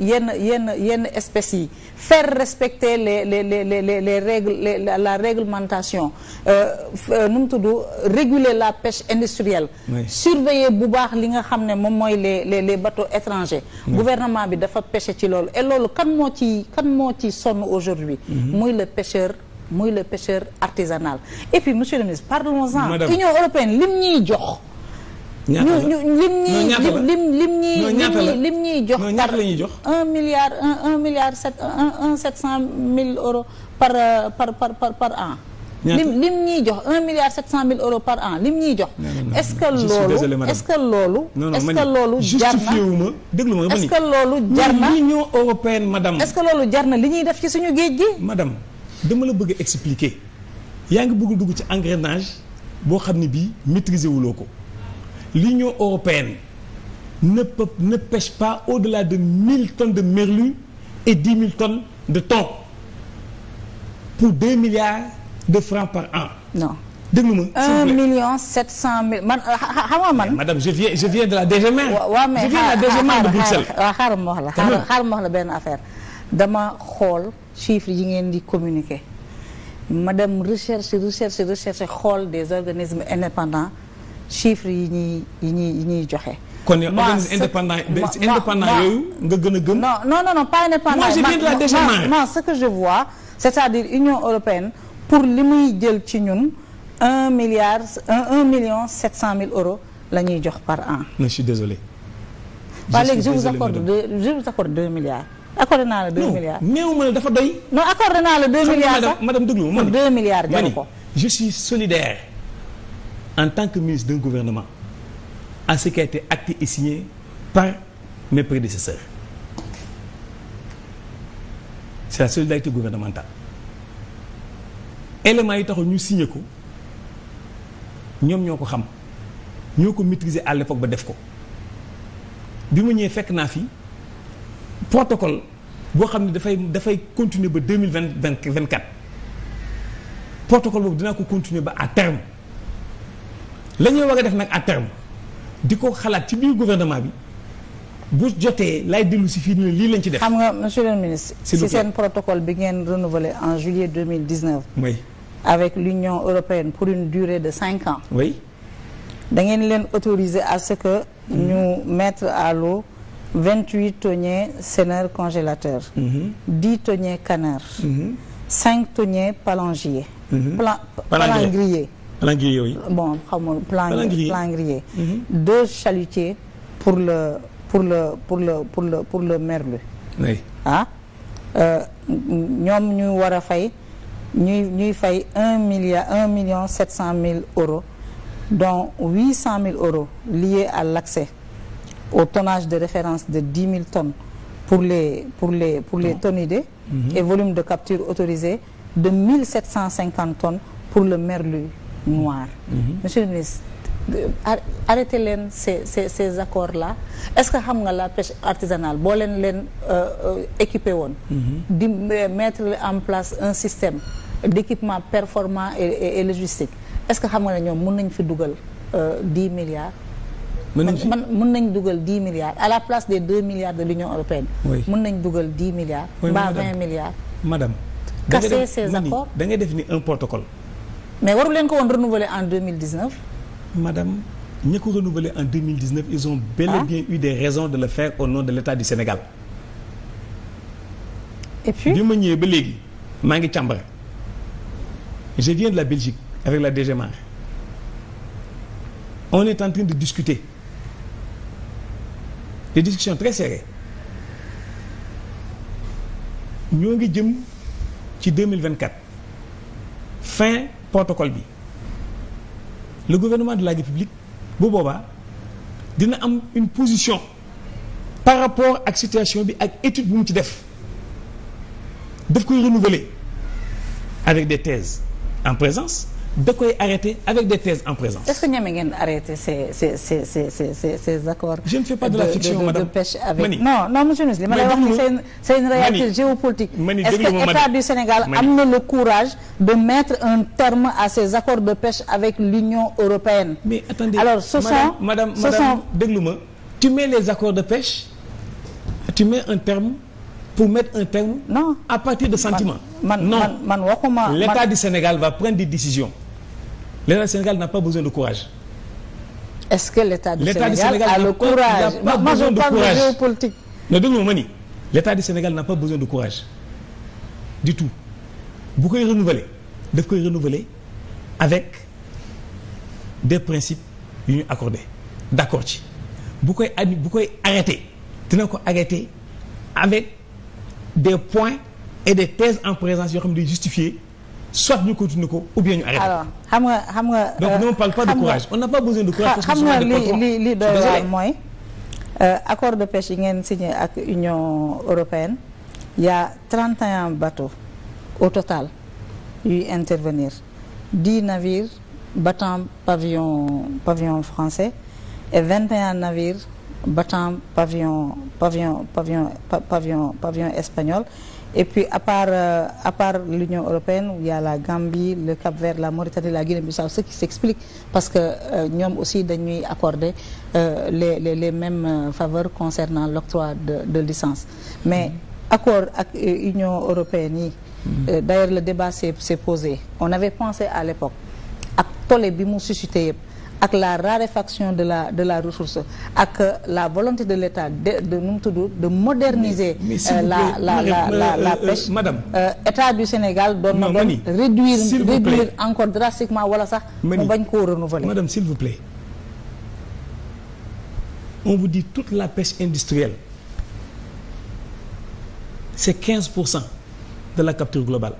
yenn yenn yenn espèces yi faire respecter les les les les les règles les, la réglementation euh, euh, nu mu tudd réguler la pêche industrielle oui. surveiller bu baax li nga xam ne moom mooy les le les bateaux étrangers oui. gouvernement bi dafa pêcher ci loolu et loolu kan moo ci kan moo ci sonn aujourd'hui mhm. muy le pêcheur muy le pêcheur artisanal et puis monsieur le ministre parlons-en Union européenne lim ñuy jox ñaata ñu lim ñuy lim lim ñuy lim ñuy jox. non ñaata la ñuy jox un milliard un un milliard sept un un sept cent mille euros par euh, par par par par an. lim lim ñuy jox un milliard sept cent mille euros par an lim ñuy jox. est-ce que loolu est-ce que loolu. est-ce que loolu jar na justifié wu ma déglu ma est-ce que loolu jar na l'Union européenne madame. est-ce que loolu jar na li ñuy def ci suñu géej gi. madame dama la bëgg a expliquer yaa ngi bëgg dugg ci engrenage boo xam ne bii maîtriser wuloo ko. l'Union européenne ne peut ne pêche pas au-delà de 1000 tonnes de merlu et 10 000 tonnes de thon pour 2 milliards de francs par an. non déglu ma. man euh, xam nga man. madame la de la wax la xaaral wax la benn affaire dama xool chiffres yi ngeen di communiquer ma dem recherche recherche recherche xool des organismes indépendants. chiffres yi ñuy yi ñuy ñuy joxe. kon yow organisme indépendant indépendant yooyu nga gën a gëm. non non non pas indépendant. moi je la dégénérer moi ce que je vois. c'est-à-dire Union européenne pour li muy jël ci ñun un milliard un million sept cent mille euros la ñuy jox par an. non je suis désolé. je léegi je vous accorde deux je accorde naa la deux milliards non néew ma ne naa la deux milliards sax madame déglu ma ne deux milliards jaru ko. je suis solidaire. en tant que ministre d'un gouvernement à ce qui a été acté et signé par mes prédécesseurs c'est la solidarité gouvernementale éléments yi taxul ñu signé ko ñoom ñoo ko xam ñoo ko maîtriser à l'époque ba def ko bi ma ñëwee fekk naa fi protocole boo xam ne dafay dafay continuer ba deux mille vingt vingt quatre protocole boobu dinaa ko continuer ba à terme. la ñuy war a def nag à terme di ko xalaat ci biir gouvernement bi bu jotee lay dellu si fii nii lii lañ ci def. xam nga monsieur le ministre. si seen protocole bi ngeen renouvelé en juillet 2019. oui avec l'Union européenne pour une durée de cinq ans. oui da ngeen leen autoriser à ce que. ñu mettre à l'eau vingt huit thoniers senneurs congélateurs. Mm-hmm. dix thoniers canards. Mm-hmm. cinq thoniers palangiers. Mm-hmm. palangrier oui. bon xaw ma palangrier palangrier mhm. deux chalutiers pour le pour le pour le pour le pour le merlu. oui ah. Euh, ñoom ñu war a fay ñuy ñuy fay un milliard un million sept cent mille euros dont huit cent mille euros liés à l'accès au tonnage de référence de dix mille tonnes pour les pour les pour les tonidés. Mm et volume de capture autorisé de mille sept cent cinquante tonnes pour le merlu. noire. Mhm. monsieur le ministre arrêté leen ces ces ces accords là est-ce que xam nga la pêche artisanale boo leen leen euh, euh, équipé woon. Mhm. di euh, mettre en place un système d'équipement performant et, et, et logistique est-ce que xam nga ne ñoom mën nañ fi dugal dix milliards. man mën nañ dugal dix milliards à la place des deux milliards de l'Union européenne. oui mën nañ dugal dix milliards. oui mbaa vingt milliards. madame casser ces accords da ngay def ni un protocole. mais waru leen ko woon renouveler en 2019. madame ñi ko renouveler en 2019 ils ont bel et ah. bien eu des raisons de le faire au nom de l' état du Sénégal. et puis bi ma ñëwee ba léegi maa ngi càmbar je viens de la Belgique avec la DG on est en de discuter des discussions très serrées ñoo ngi jëm ci 2024 fin. protocole bi le gouvernement de la république bu boobaa dina am une position par rapport ak situation bi ak étude bu mu ci def def koy renouveler avec des thèses en présence da koy arrêter avec des thèses en présence. est-ce que ñeme ngeen arrêter ces ces ces ces ces ces accords. je ne fais pas de la fiction madame de pêche avec non monsieur le c'est une réalité géopolitique. est-ce que état du Sénégal am na le courage de mettre en terme à ces accords de pêche avec l'Union européenne. mais attendez alors ce sont madame madame déglu tu mets les accords de pêche tu mets un terme. pour mettre un terme. non à partir de sentiments. man man man waxuma. l'État du Sénégal va prendre des décisions. l'État du Sénégal n'a pas besoin de courage. est-ce que l'État du, Sénégal a le courage Sénégal n'a pas, pas besoin de courage non dégg nga ma ni l'État du Sénégal n'a pas besoin de courage du tout bu koy renouveler daf koy renouveler avec des principes yu ñu accordé d'accord ci bu koy bu koy arrêter dina ko arrêter avec des points et des thèses en présence yoo xam ne day justifier. soit ñu continuer ko ou bien ñu arrêté. xam nga xam nga. donc euh, ne on parle pas de courage on n'a pas besoin de courage. parce nga li li mooy. Euh, accord de pêche yi ngeen signé ak Union européenne y a 31 bateaux au total yuy intervenir 10 navires battant pavillon pavillon français et 21 navires battant pavillon pavillon pavillon pavillon pavillon espagnol. et puis à part euh, à part l'Union européenne il y a la Gambie le Cap-Vert la Mauritanie la Guinée-Bissau ce qui s'explique parce que euh, ñoom aussi dañuy accorder euh, les les les mêmes euh, faveurs concernant l'octroi de de licence mais mm-hmm. accord ak euh, Union européenne yi mm-hmm. d'ailleurs le débat s'est s'est posé on avait pensé à l'époque ak tollé bi mu suscité yëpp ak la raréfaction de la de la ressource ak la volonté de l'État de de nu mu tudd de moderniser. Euh, la la euh, la la euh, la pêche. madame État du Sénégal doon na doon réduire réduire encore drastiquement wala sax. mu bañ koo renouveler. madame s'il vous plaît on vous dit toute la pêche industrielle c'est 15 pour cent de la capture globale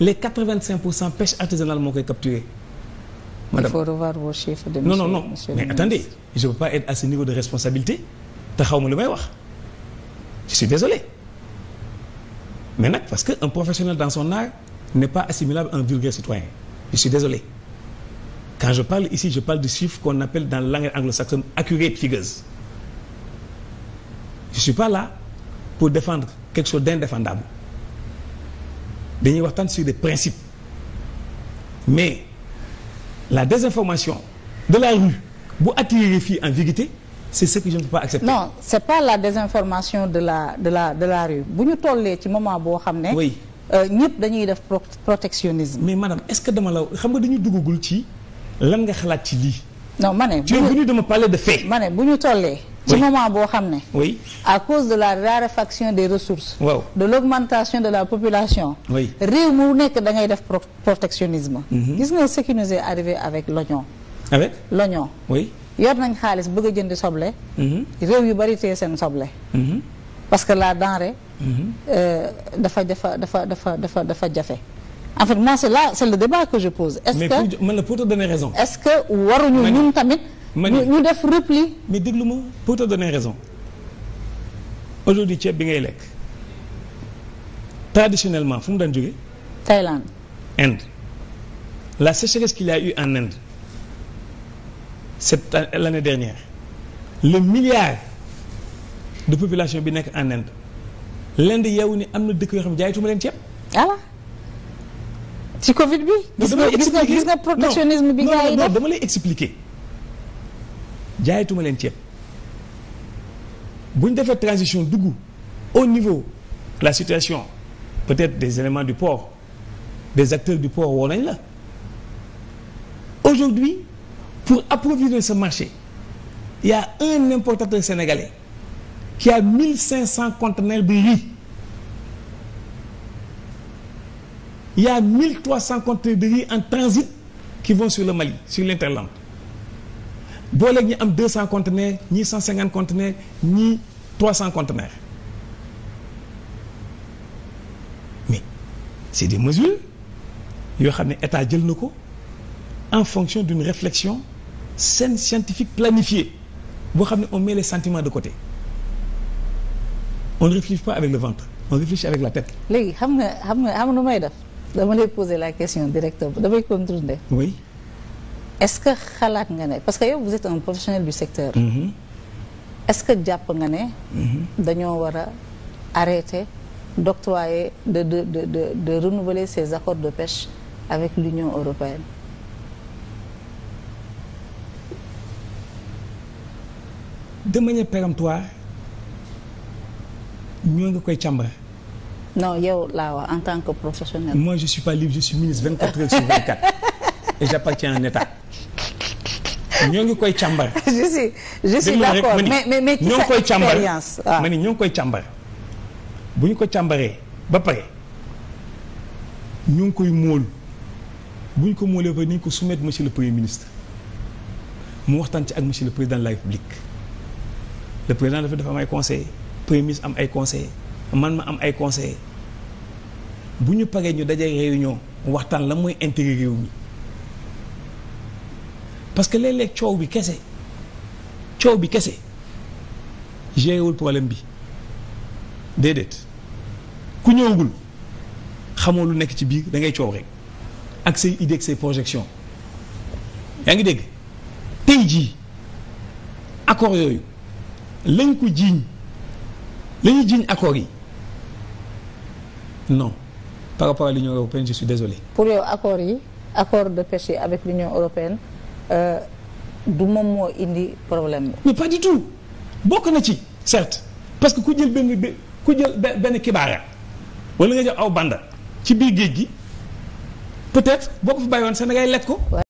les 85 pour cent pêche artisanale moo koy capturer. madame il faut non non non mais attendez je peux pas être à ce niveau de responsabilité te xaw ma lu may wax je suis désolé mais nag parce que un professionnel dans son art n'est pas assimilable à un vulgaire citoyen je suis désolé quand je parle ici je parle de chiffres qu'on appelle dans la langue accurate figures je suis pas là pour défendre quelque chose d'indéfendable dañuy waxtaan sur des principes mais. la désinformation de la rue bu attirer fii en vérité c'est ce que je ne peux pas accepter. non c'est pas la désinformation de la de la de la rue bu ñu tollee ci moment boo xam ne. oui euh, ñëpp dañuy def protectionnisme. mais madame est-ce que dama la xam nga dañu duggagul ci lan nga xalaat ci lii. non ma ne bu ñu dama parler de fait. ma ne bu ñu tollee. ci moment boo xam ne. oui à cause de la raréfaction des ressources. waaw de l'augmentation de la population. réew mu nekk da ngay def protectionnisme. Mhm. gis nga ce qui nous est arrivé avec l'oignon. avec l'oignon. oui yor nañ xaalis bëgg a jënd soble. Mhm. réew yu bari tee seen soble. Mhm. parce que la denrée. Euh, dafa dafa dafa dafa dafa dafa jafe. en fait moi c'est la c'est le débat que je pose. est-ce que mais pour waruñu ñun tamit. ma ne ñu def repli. mais déglu ma pour te donner raison aujourd'hui ceeb bi ngay lekk traditionnellement fu mu daan jóge Thaïlande. Inde la sécheresse qu'il y a eu en Inde cette l'année dernière le milliard de population bi nekk en Inde l'Inde yeewu ni am na dëkk yoo xam ne jaayatuma leen ceeb. voilà ci Covid bi. gis nga nga protectionnisme bi. gars yi def non non dama lay expliquer. jaayatuma leen ceeb bu ñu defee transition dugg au niveau la situation peut-être des éléments du port des acteurs du port woo nañ la aujourd'hui pour approvisionner ce marché il y a un importateur sénégalais qui a 1500 conteneurs de riz il y a 1300 conteneurs de riz en transit qui vont sur le Mali sur l'interland booleeg ñi am 200 conteneurs cent 150 conteneurs ñii 300 conteneurs mais c'est des mesures yoo xam ne état jël na ko en fonction d'une réflexion saine scientifique planifiée boo xam ne on met les de côté on ne réfléchit pas avec le ventre on réfléchit avec la tête. léegi xam nga xam nga xam nu may def dama lay poser la question bi damay contourner. oui. est-ce que xalaat nga ne parce que yow vous êtes un professionnel du secteur. Mm est-ce que jàpp nga ne. Mm-hmm. dañoo war a arrêter d'octroyer de de de de de renouveler ces accords de pêche avec l'Union européenne. de manière péremptoire ñoo ngi koy càmbar. non yow laa wax en tant que professionnel. moi je suis pas libre je suis ministre 24 heures sur 24 et j'appartiens à un État. ñoo ngi koy càmbar. je suis je suis d'accord mais mais ah. koy càmbar bu ñu ko càmbaree ba pare ñu ngi koy móol bu ko móolee ba nañ ko soumettre le premier ministre mu waxtaan ci ak monsieur le président de la république le président dafa dafa am ay conseillers premier ministre am ay conseillers man ma am ay conseillers bu ñu paree ñu dajee réunion waxtaan la mooy intérêt réew mi. parce que léeg-léeg coow bi kese coow bi kese géewul problème bi déedéet ku ñëwagul xamoo lu nekk ci biir da ngay coow rek ak say idée ak say projection yaa ngi dégg tey jii accord yooyu lañ ko jiiñ la ñu jiiñ accord yi non par rapport à l'union européenne je suis désolé. pour yow accord yi accord de pêche yi avec l'union européenne Euh, du moom moo indi problème bi. mais pas du tout bokk na ci certes parce que ku jël benn ku jël benn kibaara wala nga jël aw banda ci biir géej gi peut-être boo ko fi bàyyi woon Sénégal lekk ko.